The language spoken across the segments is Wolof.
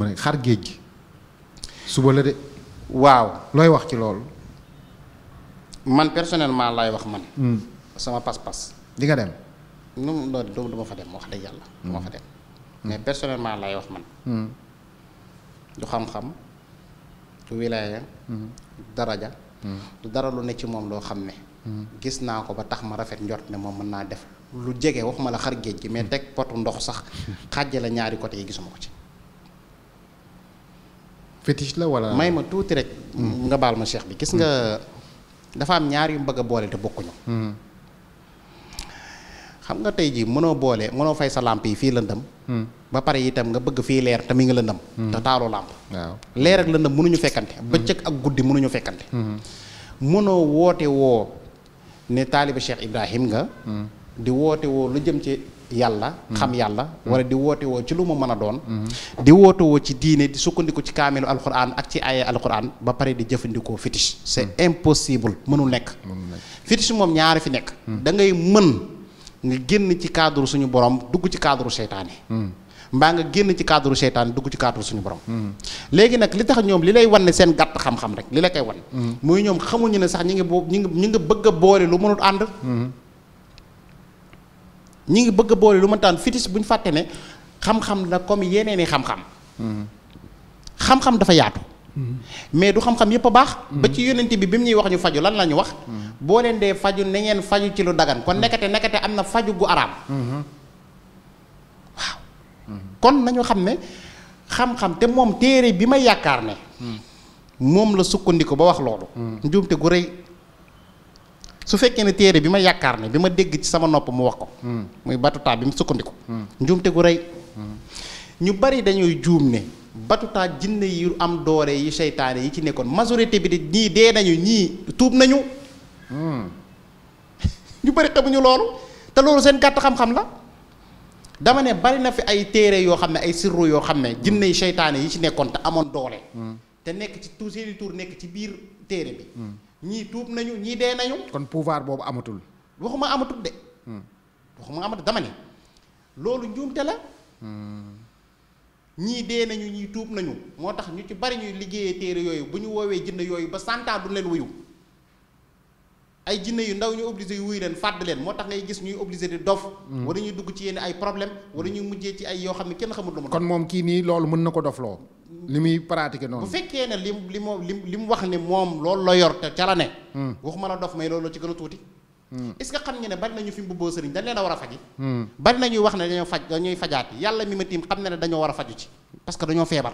mu xar géej gi suba la de waaw looy wax ci loolu man personnellement laay wax man hmm. sama pas-pas di nga dem nu mu du du ma fa dem yàlla du fa hmm. dem hmm. mais personnellement lay wax man du xam-xam du wilaaya daraja du dara lu ne ci moom loo xam ne gis naa ko ba tax ma rafet njort ne moom mën naa def lu jege waxuma la xar géej gi mais teg potu ndox sax xàjjale ñaari côté yi gisuma ko ci fétiche la wala. may ma tuuti rek. Hmm. nga baal ma cheikh bi gis nga hmm. dafa am ñaar yu mu boole te bokkuñu. Hmm. xam nga tey ji mënoo boole mënoo fay sa làmp yi fii lëndëm ba pare itam nga bëgg fii leer te mi nga lëndëm te taaloo làmp leer ak lëndëm mënuñu fekkante bëccëg ak guddi mënuñu fekkante mënoo woote woo ne taaliba Cheikh Ibrahim nga di woote woo lu jëm ci yàlla hmm. xam yàlla hmm. wala di woote woo ci lu mu mën a doon hmm. di woote ci diine di sukkandiku ci kaamilu alquran ak ci aaya alquran ba pare di jëfandikoo fétiche c'est impossible mënul nekk fétiche moom ñaari fi nekk da ngay mën nga génn ci cadre suñu borom dugg ci cadre seytaane mbaa nga génn ci cadre seytaane dugg ci cadre suñu borom léegi nag li tax ñoom li lay wan ne seen gàtt xam-xam rek li la koy wan muy ñoom xamuñu ne sax ñi ngi bo ñi ngi ñi a boole lu mënul ànd ñi ngi bëgg a boole lu ma taan fitis bu ñu fàtte ne xam-xam la comme yeneen i xam-xam. xam-xam dafa yaatu. mais du xam-xam yëpp a baax. ba ci yonent bi bi mu ñuy wax ñu faju lan la ñu wax. boo leen dee faju na ngeen faju ci lu dagan kon nekkate nekkate am na faju gu araam. waaw kon nañu xam ne xam-xam te moom téere bi may yaakaar ne. moom la sukkandiku ba wax loolu. njuumte gu rëy. su fekkee ne téere bi ma yaakaar ne bi ma dégg ci sama nopp mu wax ko hmm. muy batutaa bi mu sukkandiku hmm. njuumte gu rëy hmm. ñu bari dañuy juum ne batutaa jinne yu am doole yi seytaane yi ci nekkoon majorité bi di ñii dee nañu ñii tuub nañu ñu bari xamuñu loolu te loolu seen gàtt xam la dama ne bari na fi ay téere yoo xam ne ay sirru yoo xam ne jinne yi seytaane yi ci nekkoon amoon doole te nekk ci tout seeni tur nekk ci biir téere bi ñii tuub nañu ñii dee nañu. kon pouvoir boobu amatul. waxuma amatul de. waxuma amatul dama ne loolu njuumte la. ñii dee nañu ñii tuub nañu moo tax ñu ci bari ñuy liggéeyee téere yooyu bu ñu woowee jinne yooyu ba santaa du leen wuyu ay jinne yu ndaw ñu obligé yu wuyu leen fàdd leen moo tax ngay gis ñuy obligé di dof. wala ñuy dugg ci yenn ay problème wala ñuy mujjee ci ay yoo xam ne kenn xamul lu mu. kon moom kii nii loolu mën na ko dofloo. li muy pratiquer noonu. bu fekkee ne lim li mu li mu wax ne moom loolu la yor te ca la ne. Hmm. waxuma la dof may loolu ci gën a tuuti. Hmm. est-ce que xam nga ne bari nañu fi mu bëggoo sëriñ dañ leen a war a faji hmm. bari nañuy wax ne dañoo faj dañuy fajaat yàlla mi ma tiim xam na ne dañoo war a faju ci parce que dañoo feebar.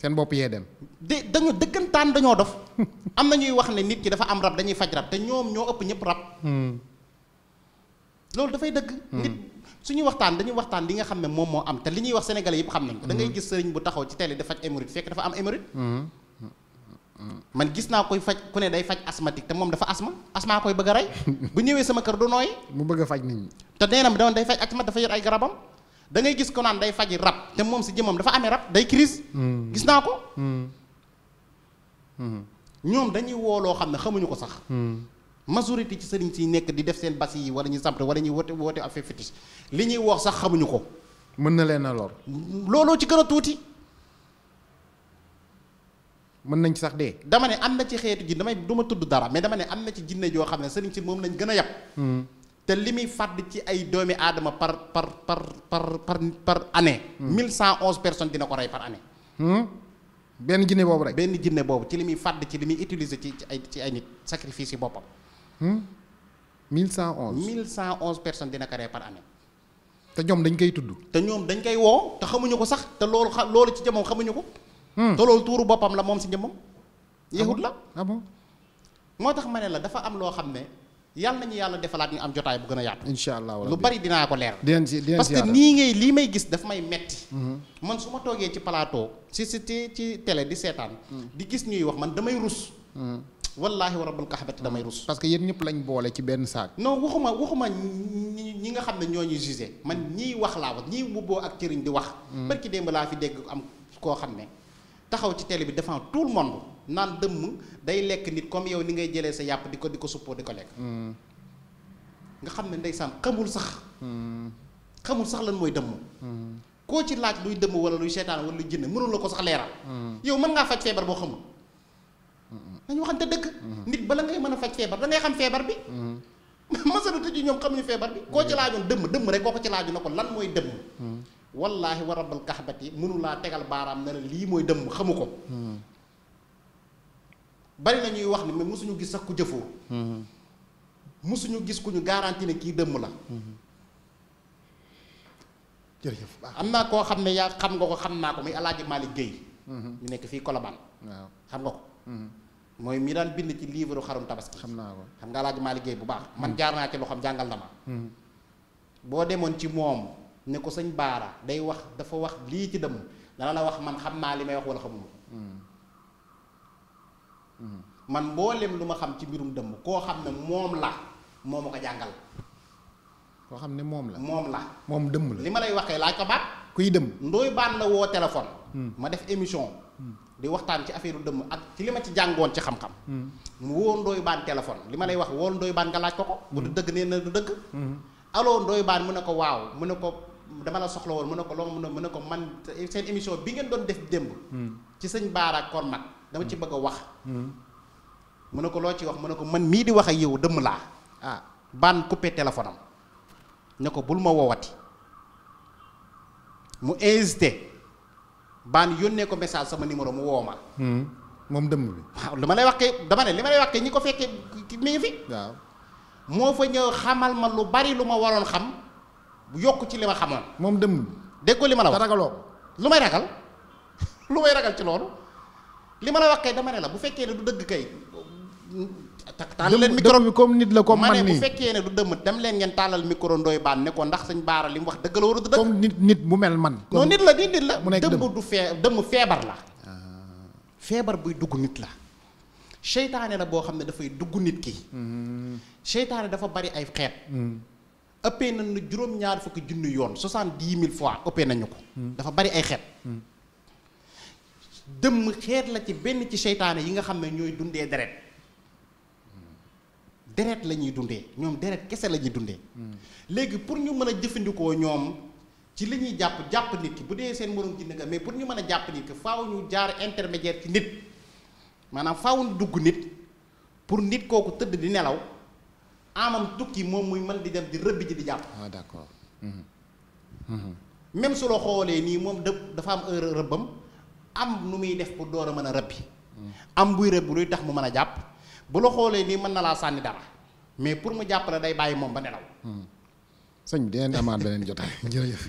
seen bopp yee dem. de dañu dëggantaan dañoo dof am na ñuy wax ne nit ki dafa am rab dañuy faj rab te ñoom ñoo ëpp ñëpp rab. loolu dafay dëgg. nit suñu waxtaan dañu waxtaan li nga xam ne moom moo am te li ñuy wax sénégalais yëpp xam nañ ko da ngay mm-hmm. gis sëriñ bu taxaw ci télé di faj hémorroïde fekk dafa am hémorroïde mm-hmm. mm-hmm. man gis naa koy faj ku day faj asthmatique moom dafa asma asma koy bëgg rey bu ñëwee sama kër du nooy mu bëgg a faj nit te nee na doon day faj asma dafa yor ay garabam da ngay gis ko naan day faji rab te moom si jëmam dafa amee rab day crise gis naa ko ñoom dañuy woo loo xam ne xamuñu ko sax majorité ci sëriñ si nekk di def seen basi yi wala ñu samp wala ñu woote woote ak fee fétiche li ñuy wax sax xamuñu ko. mën na leen a lor. looloo ci gën a tuuti. mën nañ sax dee. dama ne am na ci xeetu ji damay duma tudd dara mais dama ne am na ci jinne joo xam ne sëriñ si moom lañ gën a yab. Hmm. te li muy fàdd ci ay doomi aadama par par par par par par année. 1111 hmm. personnes dina ko rey par année. Hmm. benn jinne boobu rek. benn jinne boobu ci li muy fàdd ci li muy utiliser ci ci ay ci ay nit sacrifice boppam. 1111 hmm? 1111 personnes dina ko rey par année. te ñoom dañ koy tudd. te ñoom dañ koy woo te xamuñu ko sax te loolu xa loolu ci jëmmam xamuñu ko. Hmm. te loolu tuuru la moom si jëmmam. Ah yéexut la ah moo tax ma ne la dafa am loo xam ne yàlla nañu yàlla defalaat ñu am jotaay bu gën a yaatu. incha allah lu bari dinaa ko leer. parce que nii ngay lii may gis dafa may metti hmm. man su ma toogee ci palaatoo si ci ci télé di seetaan. di gis ñuy wax man damay rus. wallaahi wa rabbul kaxabati damay rus. parce que yéen ñëpp lañ boole ci benn saak. non waxuma waxuma ñi ñi nga xam ne ñoo ñuy jugé man ñiy wax laa wax ñiy mbubboo ak cëriñ di wax. Mm. barki démb laa fi dégg am koo xam ne taxaw ci télé bi devant tout le monde naan dëmm day lekk nit comme yow ni ngay jëlee sa yàpp di ko di ko suppoo di ko lekk. Mm. nga xam ne ndey ndeysaan xamul sax. Mm. xamul sax lan mooy dëmm. koo ci laaj luy dëmm wala luy seetaan wala luy jinne mënul ko sax leeral. yow mën ngaa faj feebar boo xamul. dañu waxante dëkk mhm. nit bala ngay mën a faj feebar da ngay xam feebar bi mhm. masalu tëju ñoom xamuñu feebar bi koo ci laajoon dëmm dëmm rek koo ko ci laaju na ko lan mooy dëmm mhm. wallaahi wa rabbal yi mënulaa tegal baaraam ne la lii mooy dëmm xamu ko bari na ñuy wax ni mais mosuñu gis sax ku jëfoo mosuñu gis ku ñu garanti ne kii dëmm la am naa koo xam ne yaa xam nga ko xam naa ko muy Alaaji Malick Guèye ñu nekk fii Colobane xam nga ko mooy mi daan bind ci livre xarum tabaski. xam naa ko xam nga laaj maa liggéey bu baax. Hmm. man jaar naa ci loo xam jàngal na ma. Hmm. boo demoon ci moom ne ko sëñ Baara day wax dafa wax lii ci dëmm dana la wax man xam naa li may wax wala xamuma. Hmm. man mboolem lu ma xam ci mbirum dëmm koo xam ne moom la moo jàngal. koo xam ne moom la moom la. moom dëmm la li ma lay waxee laaj ko baat. kuy dëmm ndooy baan la woo téléphone. ma def émission. di waxtaan ci affaire dëmm ak ci li ma ci jàngoon ci xam-xam. Hmm. mu woo Ndoye Bane téléphone li ma lay wax woo Ndoye Bane nga laaj ko ko. bu hmm. du dëgg nee na du dëgg. Hmm. aloo Ndoye Bane mu ne ko waaw mu ne ko dama la soxla woon mu ne ko loo mu ne ko man seen émission bi ngeen doon def démb. ci sëñ Baara nag dama ci bëgg a wax. mu ne ko loo ci wax mu ne ko man mii di wax a yow dëmm laa ah Bane coupé ne ko bul ma woowati mu insisté. baan yónnee ko message sama numéro mu woo ma. Hmm. moom dëmm bi. waaw li ma lay wax dama ne li ma lay wax kay ñi ko fekkee mi ngi fi. waaw moo fa ñëw xamal ma lu bari lu ma waroon xam yokk ci li ma xamoon. moom dëmm bi. dégg ko li ma la wax ragaloo lu may ragal lu may ragal ci loolu li ma la wax dama ne la bu fekkee ne du dëgg kay. tàllal leen micro bi comme nit la comme man nii ma bu fekkee ne du dëmët dem leen ngeen tàllal micro ndoy baan ne ko ndax sañ baara li mu wax dëgg la war a dëgg comme nit nit mu mel man non nit la nit nit la dëmm du fee dëmm feebar la ah. feebar buy dugg nit la seytaane la boo xam ne dafay dugg nit ki hmm. seytaane dafa bari ay xeet hmm. ëppee nañ nu juróom fukki junni yoon soixante-dix mille fois ëppee nañu ko hmm. dafa bari ay xeet dëmm xeet la ci benn ci seytaane yi nga xam ne ñooy dundee deret deret la ñuy dundee ñoom deret kese la ñuy dundee hmm. léegi pour ñu mën a jëfandikoo ñoom ci li ñuy jàpp jàpp nit ki bu dee seen morom ci nga mais pour ñu mën a jàpp nit ki faaw ñu jaar intermédiaire ci nit maanaam faaw ñu dugg nit pour nit kooku tëdd di nelaw amam tukki moom muy mën di dem di rëbb ji di jàpp ah d'accord hmm. Hmm. même su la xoolee nii moom da dafa am heure rëbbam am nu muy def pour door a mën a rëbbi am buy rëbb luy tax mu mën a jàpp bu la xoolee nii mën na laa sànni dara mais pour mu jàppale day bàyyi moom ba nelaw. Hmm. sëñ bi dinañ amaat beneen jotaay jërëjëf.